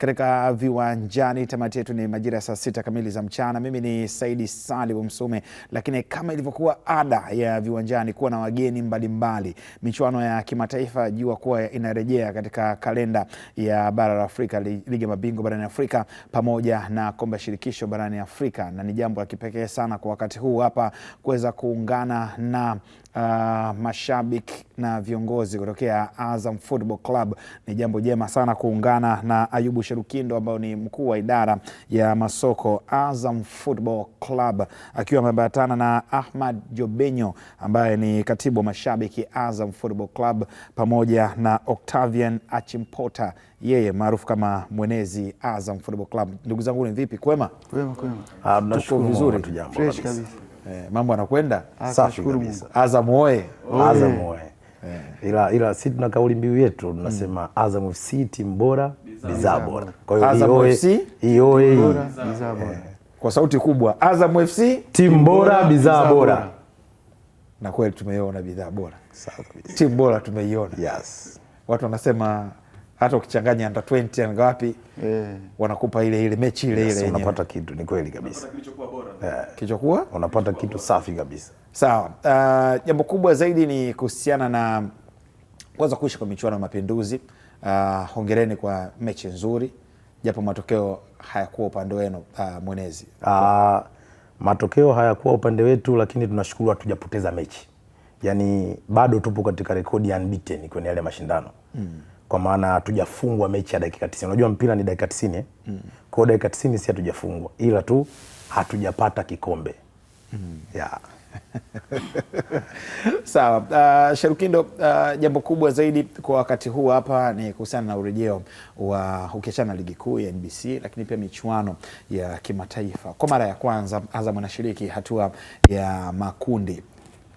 katika viwanjani. Tamati yetu ni majira ya saa sita kamili za mchana. Mimi ni Saidi Sali Msume, lakini kama ilivyokuwa ada ya viwanjani kuwa na wageni mbalimbali, michuano ya kimataifa jua kuwa inarejea katika kalenda ya bara la Afrika, ligi ya mabingwa barani Afrika pamoja na kombe ya shirikisho barani Afrika, na ni jambo la kipekee sana kwa wakati huu hapa kuweza kuungana na uh, mashabiki na viongozi kutokea Azam Football Club. Ni jambo jema sana kuungana na Ayubu Sherukindo ambayo ni mkuu wa idara ya masoko Azam Football Club, akiwa ameambatana na Ahmad Jobenyo ambaye ni katibu wa mashabiki Azam Football Club, pamoja na Octavian Achimpota yeye maarufu kama mwenezi Azam Football Club. Ndugu zangu, ni vipi? Kwema, kwema, kwema. Ah, Tuko vizuri, fresh kabisa. Eh, mambo yanakwenda ah, safi kabisa. Azam oye! Azam oye! Yeah. Ila, ila si tuna kauli mbiu yetu tunasema mm. Azam FC timu bora bidhaa bora. Kwa hiyo ioe eh. kwa sauti kubwa, Azam FC timu bora bidhaa bora, na kweli tumeiona bidhaa bora, timu bora tumeiona. Yes. Watu wanasema hata ukichanganya anda 20 anga wapi yeah. wanakupa ile ile mechi ile yes, unapata kitu, ni kweli kabisa kilichokuwa yeah. unapata kitu safi kabisa sawa. Uh, jambo kubwa zaidi ni kuhusiana na kwanza kuisha kwa michuano ya Mapinduzi. Uh, hongereni kwa mechi nzuri, japo matokeo hayakuwa upande wenu. Uh, mwenezi uh, matokeo hayakuwa upande wetu, lakini tunashukuru hatujapoteza mechi, yaani bado tupo katika rekodi ya unbeaten kwenye yale mashindano mm kwa maana hatujafungwa mechi ya dakika 90. Unajua mpira ni dakika 90. Eh? Mm. Kwa dakika 90 si hatujafungwa, ila tu hatujapata kikombe. Mm. Yeah. Sawa. Uh, ah, Sherukindo, uh, ah, jambo kubwa zaidi kwa wakati huu hapa ni kuhusiana na urejeo wa ukiachana na ligi kuu ya NBC, lakini pia michuano ya kimataifa. Kwa mara ya kwanza Azam anashiriki hatua ya makundi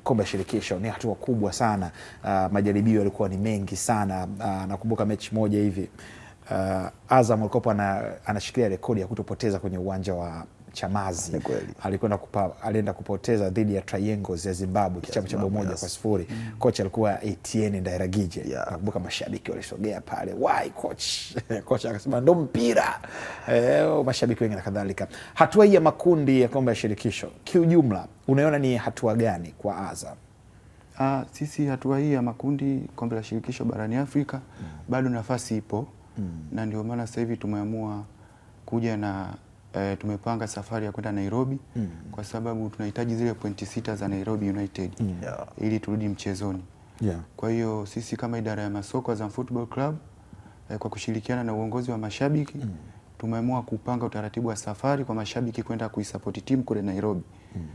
kombe la shirikisho. Ni hatua kubwa sana. Uh, majaribio yalikuwa ni mengi sana. Uh, nakumbuka mechi moja hivi uh, Azam alikopo anashikilia rekodi ya kutopoteza kwenye uwanja wa Chamazi alikwenda alienda kupoteza dhidi ya Triangles ya Zimbabwe kichapo cha bao moja yes, kwa sifuri mm. Kocha alikuwa Etienne Ndairagije yeah. Nakumbuka mashabiki walisogea pale wai coach kocha akasema ndo mpira eh, mashabiki wengi na kadhalika. Hatua hii ya makundi ya kombe ya shirikisho kiujumla, unaona ni hatua gani kwa Azam? Ah, sisi hatua hii ya makundi kombe la shirikisho barani Afrika mm. bado nafasi ipo mm. na ndio maana sasa hivi tumeamua kuja na e, tumepanga safari ya kwenda Nairobi mm. kwa sababu tunahitaji zile pointi sita za Nairobi United mm. yeah. ili turudi mchezoni yeah. kwa hiyo sisi kama idara ya masoko Azam Football Club e, kwa kushirikiana na uongozi wa mashabiki mm. tumeamua kupanga utaratibu wa safari kwa mashabiki kwenda kuisapoti timu kule Nairobi mm.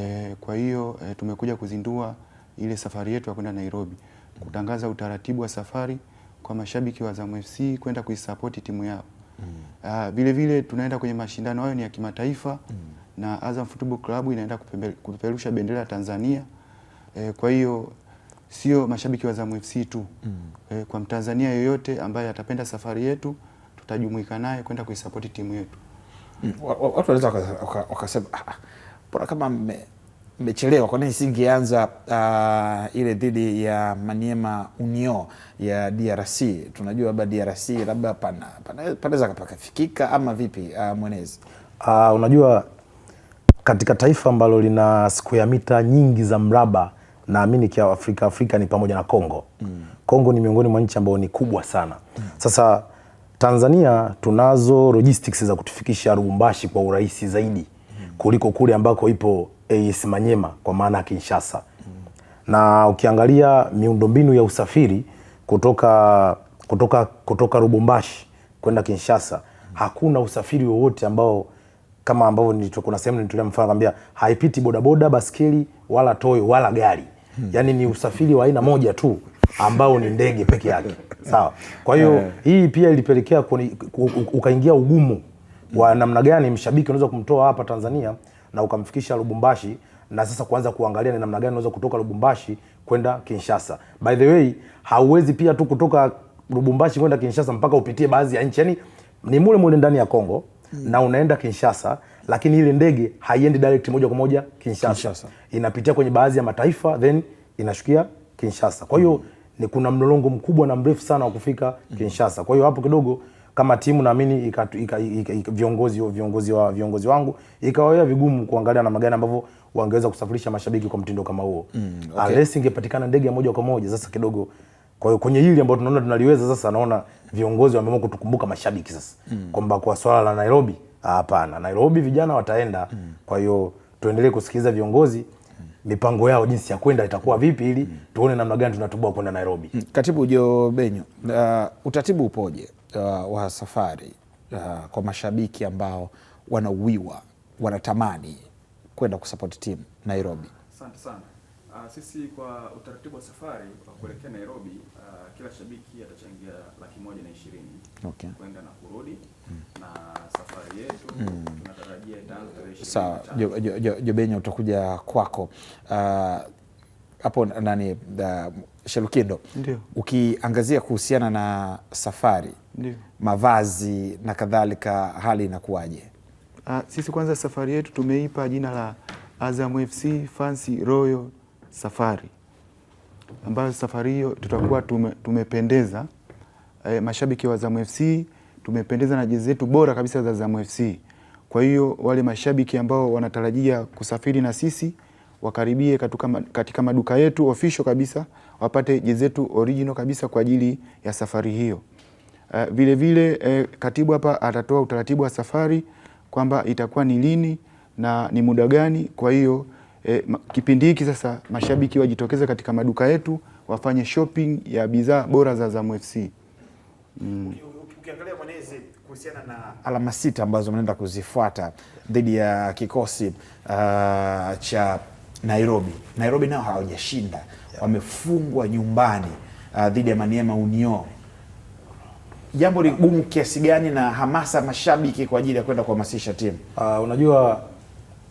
E, kwa hiyo e, tumekuja kuzindua ile safari yetu ya kwenda Nairobi, kutangaza utaratibu wa safari kwa mashabiki wa Azam FC kwenda kuisapoti timu yao vilevile mm. ah, Uh, vile tunaenda kwenye mashindano hayo ni ya kimataifa mm. na Azam Football Club inaenda kupeperusha bendera ya Tanzania e, kwa hiyo sio mashabiki wa Azam FC tu mm. e, kwa Mtanzania yoyote ambaye atapenda safari yetu tutajumuika naye kwenda kuisapoti timu yetu mm. watu wanaweza wakasema ah, ah, kama mechelewa kwa nini singeanza uh, ile dhidi ya Maniema Union ya DRC? Tunajua labda DRC labda pana panaweza pakafikika ama vipi? Uh, mwenezi uh, unajua katika taifa ambalo lina square mita nyingi za mraba naamini kia Afrika Afrika ni pamoja na Kongo mm. Kongo ni miongoni mwa nchi ambayo ni kubwa sana mm. Sasa Tanzania tunazo logistics za kutufikisha Lubumbashi kwa urahisi zaidi mm. kuliko kule ambako ipo AS eh, Manyema kwa maana ya Kinshasa mm. na ukiangalia miundombinu ya usafiri kutoka, kutoka, kutoka Lubumbashi kwenda Kinshasa mm. hakuna usafiri wowote ambao kama ambavyo kuna sehemu nilitolea mfano kwambia haipiti bodaboda, baskeli wala toyo wala gari hmm. Yaani ni usafiri wa aina moja tu ambao ni ndege peke yake, sawa. Kwa hiyo yeah. hii pia ilipelekea ukaingia ugumu wa namna gani mshabiki unaweza kumtoa hapa Tanzania na ukamfikisha Lubumbashi na sasa kuanza kuangalia ni namna gani unaweza kutoka Lubumbashi kwenda Kinshasa. By the way, hauwezi pia tu kutoka Lubumbashi kwenda Kinshasa mpaka upitie baadhi ya nchi, yani ni mule mule ndani ya Kongo hmm. na unaenda Kinshasa, lakini ile ndege haiendi direct moja kwa moja Kinshasa. Kinshasa inapitia kwenye baadhi ya mataifa then inashukia Kinshasa. Kwa hiyo hmm. ni kuna mlolongo mkubwa na mrefu sana wa kufika mm. Kinshasa. Kwa hiyo hapo kidogo kama timu naamini viongozi viongozi wa viongozi wangu ikawawea vigumu kuangalia namna gani ambavyo wangeweza kusafirisha mashabiki kwa mtindo kama huo. Mm, ah, okay. Unless ingepatikana ndege ya moja kwa moja sasa kidogo. Kwa hiyo kwenye hili ambalo tunaona tunaliweza sasa, naona viongozi wameamua kutukumbuka mashabiki sasa mm. kwamba kwa swala la Nairobi hapana, Nairobi vijana wataenda mm. kwa hiyo tuendelee kusikiliza viongozi mipango yao jinsi ya kwenda itakuwa vipi, ili tuone namna gani tunatoboa kwenda Nairobi. Mm. Katibu Jo Benyo, uh, utaratibu upoje uh, wa safari uh, kwa mashabiki ambao wanauwiwa wanatamani kwenda kusapoti timu Nairobi? Asante sana. Uh, sisi kwa utaratibu wa safari wa uh, kuelekea Nairobi uh, kila shabiki atachangia laki moja na ishirini okay, kwenda na kurudi mm. na safari yetu mm. tunatarajia itaanza tarehe sawa. Jobenya, utakuja kwako ah, hapo uh, nani da, Shelukindo, ukiangazia kuhusiana na safari Ndiyo. mavazi na kadhalika, hali inakuwaje? Uh, sisi kwanza safari yetu tumeipa jina la Azam FC Fancy Royal safari ambayo safari hiyo tutakuwa tume, tumependeza e, mashabiki wa Azam FC tumependeza na jezi zetu bora kabisa za Azam FC. Kwa hiyo wale mashabiki ambao wanatarajia kusafiri na sisi wakaribie katika, katika maduka yetu official kabisa wapate jezi zetu original kabisa kwa ajili ya safari hiyo. E, vile vile e, katibu hapa atatoa utaratibu wa safari kwamba itakuwa ni lini na ni muda gani. Kwa hiyo e, kipindi hiki sasa mashabiki wajitokeze katika maduka yetu wafanye shopping ya bidhaa bora za Azam FC. Mm. Ukiangalia kuhusiana na alama sita ambazo mnaenda kuzifuata dhidi ya kikosi uh, cha Nairobi. Nairobi nao hawajashinda, yeah. Wamefungwa nyumbani uh, dhidi ya Maniema Union. Jambo ligumu kiasi gani na hamasa mashabiki kwa ajili ya kwenda kuhamasisha timu? Uh, unajua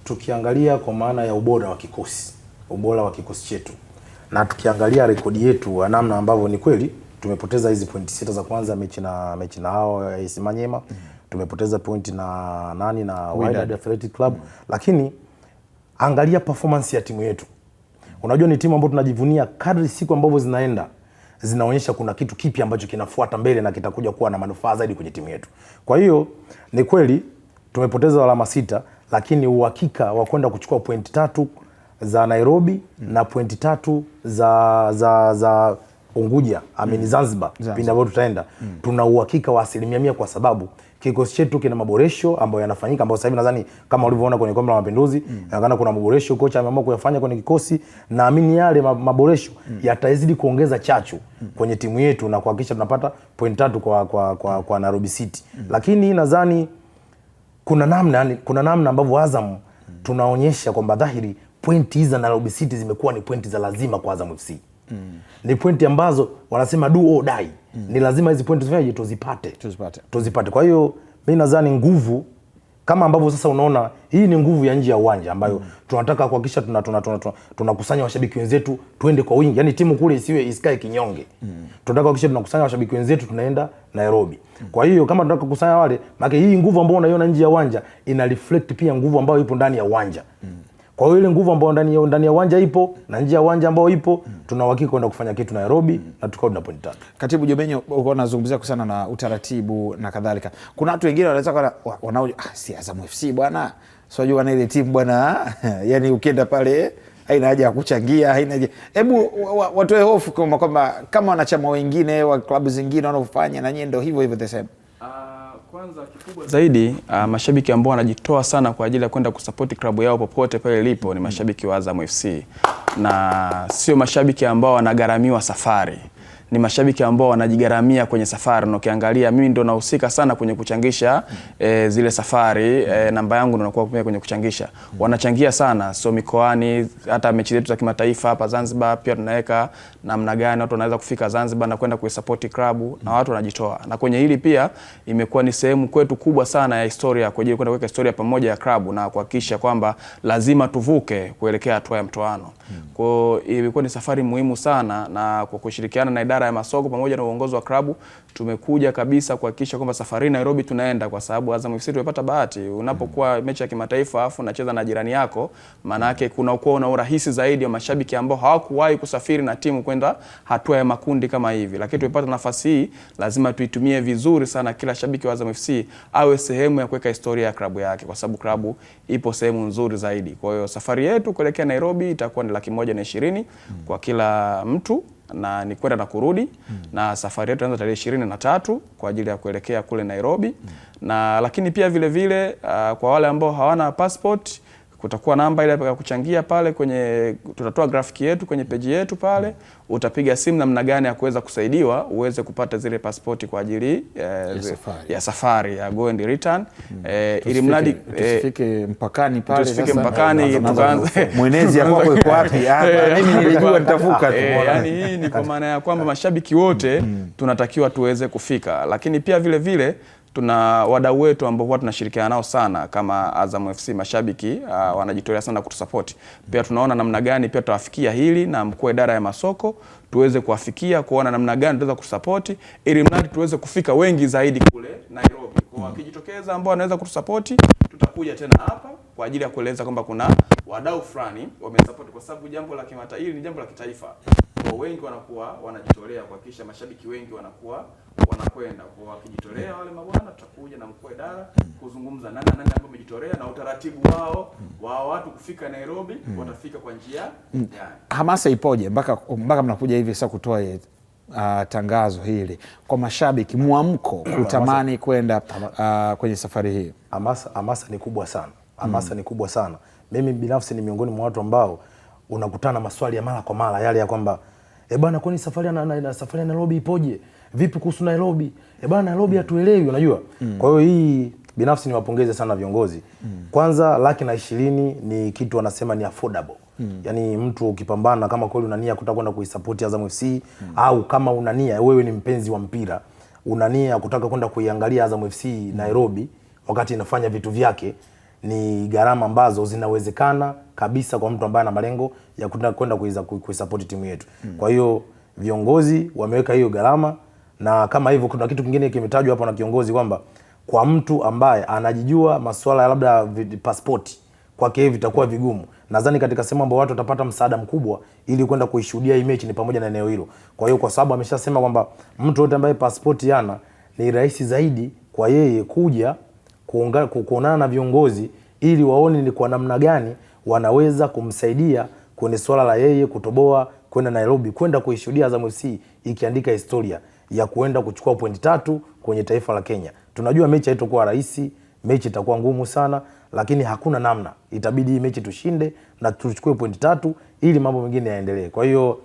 tukiangalia kwa maana ya ubora wa kikosi, ubora wa kikosi chetu na tukiangalia rekodi yetu namna ambavyo ni kweli tumepoteza hizi pointi sita za kwanza mechi na mechi na hao AS Manyema mm. tumepoteza pointi na nani na Wydad Athletic Club mm. lakini angalia performance ya timu yetu. Unajua ni timu ambayo tunajivunia, kadri siku ambavyo zinaenda zinaonyesha kuna kitu kipi ambacho kinafuata mbele na kitakuja kuwa na manufaa zaidi kwenye timu yetu. Kwa hiyo ni kweli tumepoteza alama sita, lakini uhakika wa kwenda kuchukua pointi tatu za Nairobi mm. na pointi tatu za, za, za Unguja amini mm. Zanzibar pindi ambayo tutaenda mm. tuna uhakika wa asilimia mia kwa sababu kikosi chetu kina maboresho ambayo yanafanyika, ambayo sasa hivi nadhani kama ulivyoona kwenye kombe la mapinduzi mm. kuna maboresho kocha ameamua kuyafanya kwenye kikosi. Naamini yale maboresho mm. yatazidi kuongeza chachu mm. kwenye timu yetu na kuhakikisha tunapata point tatu kwa, kwa, kwa, kwa Nairobi City mm. lakini nadhani kuna namna, kuna namna ambavyo Azam tunaonyesha kwamba dhahiri pointi hizi za Nairobi City zimekuwa ni pointi za lazima kwa Azam FC. Mm. Ni pointi ambazo wanasema do or die. Mm. Ni lazima hizi pointi tuzipate. Tuzipate. Tuzipate. Kwa hiyo mimi nadhani nguvu kama ambavyo sasa unaona hii ni nguvu ya nje ya uwanja ambayo mm. tunataka kuhakikisha tunakusanya tuna, tuna, tuna, tuna washabiki wenzetu tuende kwa wingi, yani timu kule isiwe isikae kinyonge mm. tunataka kuhakikisha tunakusanya washabiki wenzetu tunaenda Nairobi mm. kwa hiyo kama tunataka kukusanya wale, maana hii nguvu ambayo unaiona nje ya uwanja ina reflect pia nguvu ambayo ipo ndani ya uwanja mm. Kwa hiyo ile nguvu ambayo ndani ya ndani ya uwanja ipo na nje ya uwanja ambao ipo, tuna uhakika kwenda kufanya kitu Nairobi mm. na tukao tuna point tatu. Katibu Jomenyo, uko unazungumzia kusana na utaratibu na kadhalika. Kuna watu wengine wanaweza kwa wanao ah, si Azam FC bwana. Sio na ile timu bwana. Yaani ukienda pale haina haja ya kuchangia, haina haja. Hebu watoe hofu kwamba kama wanachama wengine wa klabu zingine wanaofanya na nyie ndio hivyo hivyo the same. Uh, zaidi uh, mashabiki ambao wanajitoa sana kwa ajili ya kwenda kusapoti klabu yao popote pale ilipo ni mashabiki wa Azam FC na sio mashabiki ambao wanagharamiwa safari ni mashabiki ambao wanajigaramia kwenye safari, na ukiangalia mimi ndo nahusika sana kwenye kuchangisha e, zile safari e, namba yangu ndo nakuwa kwenye kuchangisha, wanachangia sana so mikoani, hata mechi zetu za kimataifa hapa Zanzibar pia tunaweka namna gani watu wanaweza kufika Zanzibar na kwenda kuisupport klabu na watu wanajitoa, na kwenye hili pia imekuwa ni sehemu kwetu kubwa sana ya historia kwa ajili kwenda kuweka historia pamoja ya klabu na kuhakikisha kwamba lazima tuvuke kuelekea hatua ya mtoano. Kwa hiyo imekuwa ni safari muhimu sana na kwa kushirikiana na idara wizara ya masoko pamoja na uongozi wa klabu tumekuja kabisa kuhakikisha kwamba safari Nairobi tunaenda, kwa sababu Azam FC tumepata bahati. Unapokuwa mechi ya kimataifa afu unacheza na jirani yako, maana yake kuna kuwa na urahisi zaidi wa mashabiki ambao hawakuwahi kusafiri na timu kwenda hatua ya makundi kama hivi, lakini tumepata nafasi hii, lazima tuitumie vizuri sana. Kila shabiki wa Azam FC awe sehemu ya kuweka historia ya klabu yake, kwa sababu klabu ipo sehemu nzuri zaidi. Kwa hiyo safari yetu kuelekea Nairobi itakuwa ni laki moja na ishirini kwa kila mtu na ni kwenda na kurudi mm. na safari yetu inaanza tarehe ishirini na tatu kwa ajili ya kuelekea kule Nairobi mm. na lakini pia vilevile vile, uh, kwa wale ambao hawana passport kutakuwa namba ile ya kuchangia pale kwenye, tutatoa grafiki yetu kwenye peji yetu pale, utapiga simu namna gani ya kuweza kusaidiwa uweze kupata zile pasipoti kwa ajili eh, ya, safari. ya safari ya go and return hmm. eh, ili mradi eh, tusifike mpakani pale, tusifike mpakani tukaanze mwenezi ya kwako iko wapi hapa, eh, mimi nilijua nitavuka tu, eh, yani hii ni kwa maana ya kwamba mashabiki wote hmm. tunatakiwa tuweze kufika, lakini pia vile vile tuna wadau wetu ambao huwa tunashirikiana nao sana kama Azam FC mashabiki uh, wanajitolea sana kutusupport. Pia tunaona namna gani pia tutawafikia hili na mkuu idara ya masoko tuweze kuwafikia kuona namna gani tunaweza kusapoti ili mradi tuweze kufika wengi zaidi kule Nairobi. Kwa wakijitokeza ambao wanaweza kutusupport tutakuja tena hapa kwa ajili ya kueleza kwamba kuna wadau fulani wamesupport kwa sababu jambo la kimataifa ni jambo la kitaifa. Kwa wengi wanakuwa wanajitolea kuhakikisha mashabiki wengi wanakuwa wanakwenda kwa wakijitolea wale mabwana, tutakuja na mkuu idara kuzungumza nani nani ambao wamejitolea na utaratibu wao wa watu kufika Nairobi, hmm. watafika kwa njia mm. gani? Hamasa ipoje mpaka mpaka mnakuja hivi sasa kutoa Uh, tangazo hili kwa mashabiki, mwamko kutamani kwenda uh, kwenye safari hii. Hamasa, hamasa ni kubwa sana, hamasa hmm. ni kubwa sana. Mimi binafsi ni miongoni mwa watu ambao unakutana maswali ya mara kwa mara yale ya kwamba eh bwana, kwani safari na, na, na safari ya Nairobi ipoje? vipi kuhusu Nairobi? E bwana, Nairobi hatuelewi, unajua mm. Kwa hiyo hii binafsi niwapongeze sana viongozi mm. Kwanza laki na ishirini ni kitu wanasema ni affordable mm. Yaani mtu ukipambana kama kweli unania nia kutaka kwenda kuisapoti Azam FC mm. au kama unania wewe ni mpenzi wa mpira unania kutaka kwenda kuiangalia Azam FC mm. Nairobi wakati inafanya vitu vyake ni gharama ambazo zinawezekana kabisa kwa mtu ambaye ana malengo ya kwenda kuisapoti timu yetu mm. Kwa hiyo viongozi wameweka hiyo gharama na kama hivyo, kuna kitu kingine kimetajwa hapo na kiongozi kwamba kwa mtu ambaye anajijua masuala ya labda pasipoti kwake hivi vitakuwa vigumu. Nadhani katika sehemu ambayo watu watapata msaada mkubwa ili kwenda kuishuhudia hii mechi ni pamoja na eneo hilo. Kwa hiyo, kwa sababu ameshasema kwamba mtu yote ambaye pasipoti yana ni rahisi zaidi kwa yeye kuja kuonana na viongozi ili waone ni kwa namna gani wanaweza kumsaidia kwenye swala la yeye kutoboa kwenda Nairobi kwenda kuishuhudia Azam FC ikiandika historia ya kuenda kuchukua pointi tatu kwenye taifa la Kenya. Tunajua mechi haitakuwa rahisi, mechi itakuwa ngumu sana, lakini hakuna namna, itabidi hii mechi tushinde na tuchukue pointi tatu ili mambo mengine yaendelee. Kwa hiyo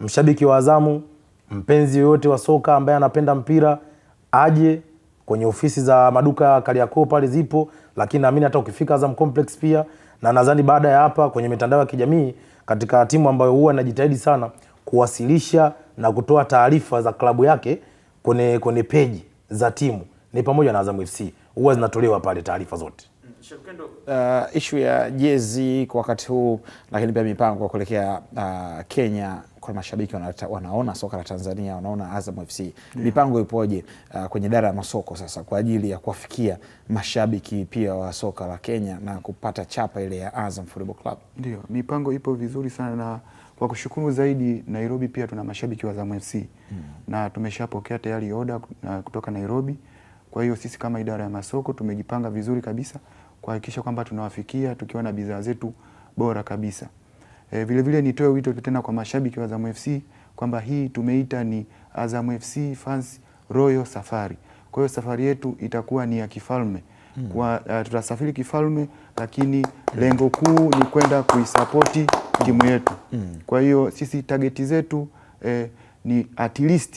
mshabiki wa Azamu, mpenzi yoyote wa soka ambaye anapenda mpira aje kwenye ofisi za maduka ya Kariakoo pale zipo, lakini naamini hata ukifika Azam Complex pia, na nadhani baada ya hapa kwenye mitandao ya kijamii, katika timu ambayo huwa inajitahidi sana kuwasilisha na kutoa taarifa za klabu yake kwenye kwenye peji za timu ni pamoja na Azam FC, huwa zinatolewa pale taarifa zote. Uh, ishu ya jezi kwa wakati huu, lakini pia mipango ya kuelekea uh, Kenya kwa mashabiki wanata, wanaona soka la Tanzania wanaona Azam FC yeah. Mipango ipoje uh, kwenye idara ya masoko sasa kwa ajili ya kuwafikia mashabiki pia wa soka la Kenya na kupata chapa ile ya Azam Football Club? Ndio, mipango ipo vizuri sana na kwa kushukuru zaidi, Nairobi pia tuna mashabiki wa Azam FC mm. na tumeshapokea tayari oda na kutoka Nairobi. Kwa hiyo sisi kama idara ya masoko tumejipanga vizuri kabisa kuhakikisha kwamba tunawafikia tukiwa na bidhaa zetu bora kabisa. E, vile vile nitoe wito tena kwa mashabiki wa Azam FC kwamba hii tumeita ni Azam FC Fans Royal Safari. Kwa hiyo safari yetu itakuwa ni ya kifalme. Hmm. Kwa, uh, tutasafiri kifalme lakini lengo kuu ni kwenda kuisapoti timu yetu. Mm. Kwa hiyo sisi tageti zetu eh, ni at least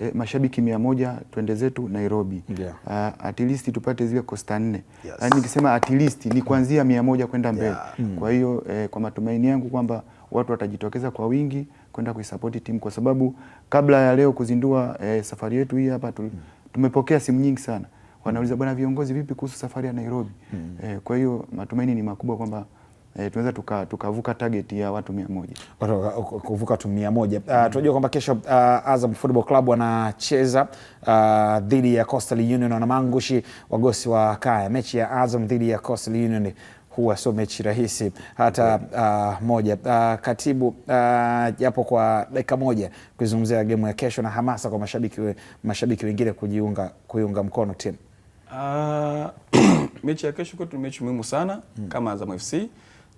E, mashabiki mia moja twende zetu Nairobi, yeah. Uh, at least tupate zile kosta nne, yaani nikisema At least ni kuanzia mia moja kwenda mbele yeah. mm. Kwa hiyo eh, kwa matumaini yangu kwamba watu watajitokeza kwa wingi kwenda kuisapoti timu kwa sababu kabla ya leo kuzindua eh, safari yetu hii hapa tu, mm. tumepokea simu nyingi sana wanauliza bwana, viongozi vipi kuhusu safari ya Nairobi? mm. E, kwa hiyo matumaini ni makubwa kwamba e, tunaweza tukavuka tuka target ya watu mia moja uh, kuvuka watu mia moja uh, hmm. tunajua kwamba kesho uh, Azam Football Club wanacheza uh, dhidi ya Coastal Union Mangushi wagosi wa kaya. Mechi ya Azam dhidi ya Coastal Union huwa sio mechi rahisi hata hmm. uh, moja. Uh, katibu, uh, japo uh, kwa dakika moja kuizungumzia gemu ya kesho na hamasa kwa mashabiki, mashabiki wengine kujiunga kuiunga mkono timu Uh, mechi ya kesho kwetu ni mechi muhimu sana hmm. kama Azam FC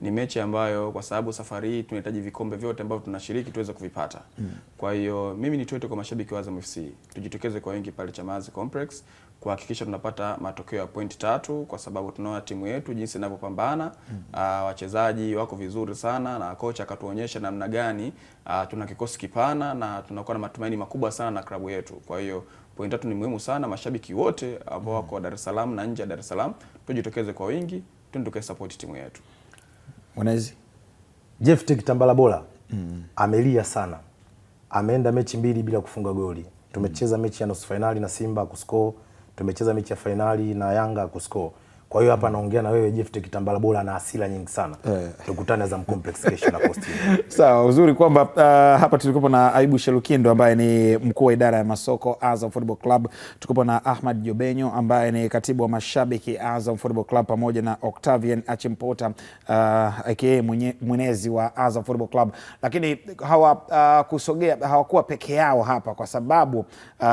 ni mechi ambayo kwa sababu safari hii tunahitaji vikombe vyote ambavyo tunashiriki tuweze kuvipata mm. kwa hiyo mimi nitoe kwa mashabiki wa Azam FC, tujitokeze kwa wingi pale Chamazi Complex kuhakikisha tunapata matokeo ya pointi tatu, kwa sababu tunaona timu yetu jinsi inavyopambana mm -hmm. Uh, wachezaji wako vizuri sana na kocha akatuonyesha namna gani uh, tuna kikosi kipana na tunakuwa na matumaini makubwa sana na klabu yetu. Kwa hiyo pointi tatu ni muhimu sana, mashabiki wote ambao hmm. wako mm -hmm. Dar es Salaam na nje ya Dar es Salaam tujitokeze kwa wingi, twende support timu yetu. Mwanaizi Jephte Kitambala Bola mm -hmm. amelia sana, ameenda mechi mbili bila kufunga goli. Hmm. Tumecheza mechi ya nusu fainali na Simba kuscore tumecheza mechi ya fainali na Yanga kuscore kwa hiyo hapa naongea na wewe Jeft Kitambala bora na asila nyingi sana eh. Tukutane za complex kesho na posti. Sawa, uzuri kwamba uh, hapa tulikuwa na Aibu Shelukindo ambaye ni mkuu wa idara ya masoko Azam Football Club, tukupo na Ahmad Jobenyo ambaye ni katibu wa mashabiki Azam Football Club pamoja na Octavian Achimpota uh, aka mwenezi wa Azam Football Club, lakini hawa uh, kusogea hawakuwa peke yao hapa kwa sababu uh,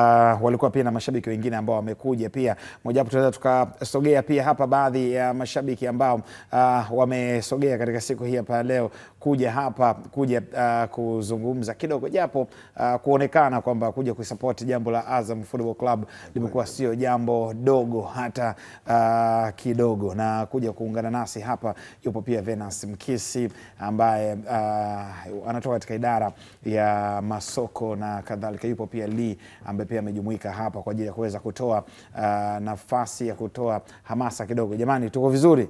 walikuwa pia na mashabiki wengine ambao wamekuja pia, mojawapo tunaweza tukasogea pia hapa kwa baadhi ya mashabiki ambao uh, wamesogea katika siku hii hapa leo kuja hapa kuja uh, kuzungumza kidogo japo uh, kuonekana kwamba kuja kuisapoti jambo la Azam Football Club limekuwa sio jambo dogo hata uh, kidogo. Na kuja kuungana nasi hapa yupo pia Venance Mkisi ambaye uh, anatoka katika idara ya masoko na kadhalika. Yupo pia Lee ambaye pia amejumuika hapa kwa ajili ya kuweza kutoa uh, nafasi ya kutoa hamasa kidogo. Jamani, tuko vizuri?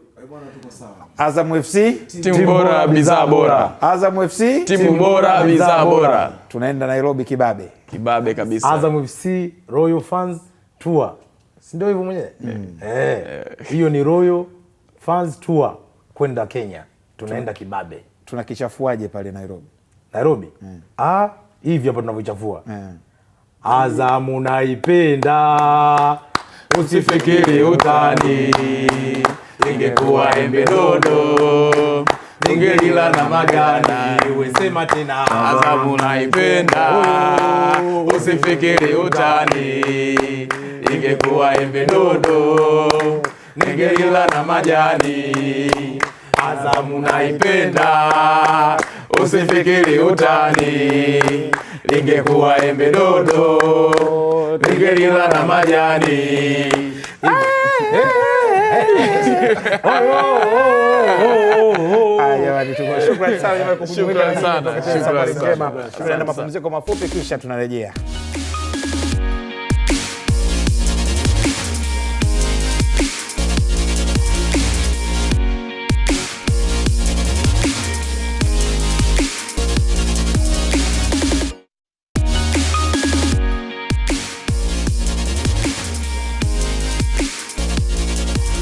Azam FC timu bora bidhaa bora bora. Azam FC timu bora, bidhaa bora. Tunaenda Nairobi kibabe. Kibabe kabisa. Azam FC Royal Fans Tour. Si ndio hivyo mwenyewe? Mm. Eh. Hey. Hiyo ni Royal Fans Tour kwenda Kenya. Tunaenda kibabe. Tunakichafuaje pale Nairobi? Nairobi? Mm. Ah, hivi hapa tunavyochafua. Mm. Eh. Azam unaipenda. Usifikiri utani. Ingekuwa embe dodo ungelila na magana, wesema tena adhabu naipenda, usifikiri utani, ingekuwa embe dodo, ningelila na majani, adhabu naipenda, usifikiri utani, ingekuwa embe dodo, ningelila na majani. Eh. Shukrani sana, mapumziko mafupi kisha tunarejea.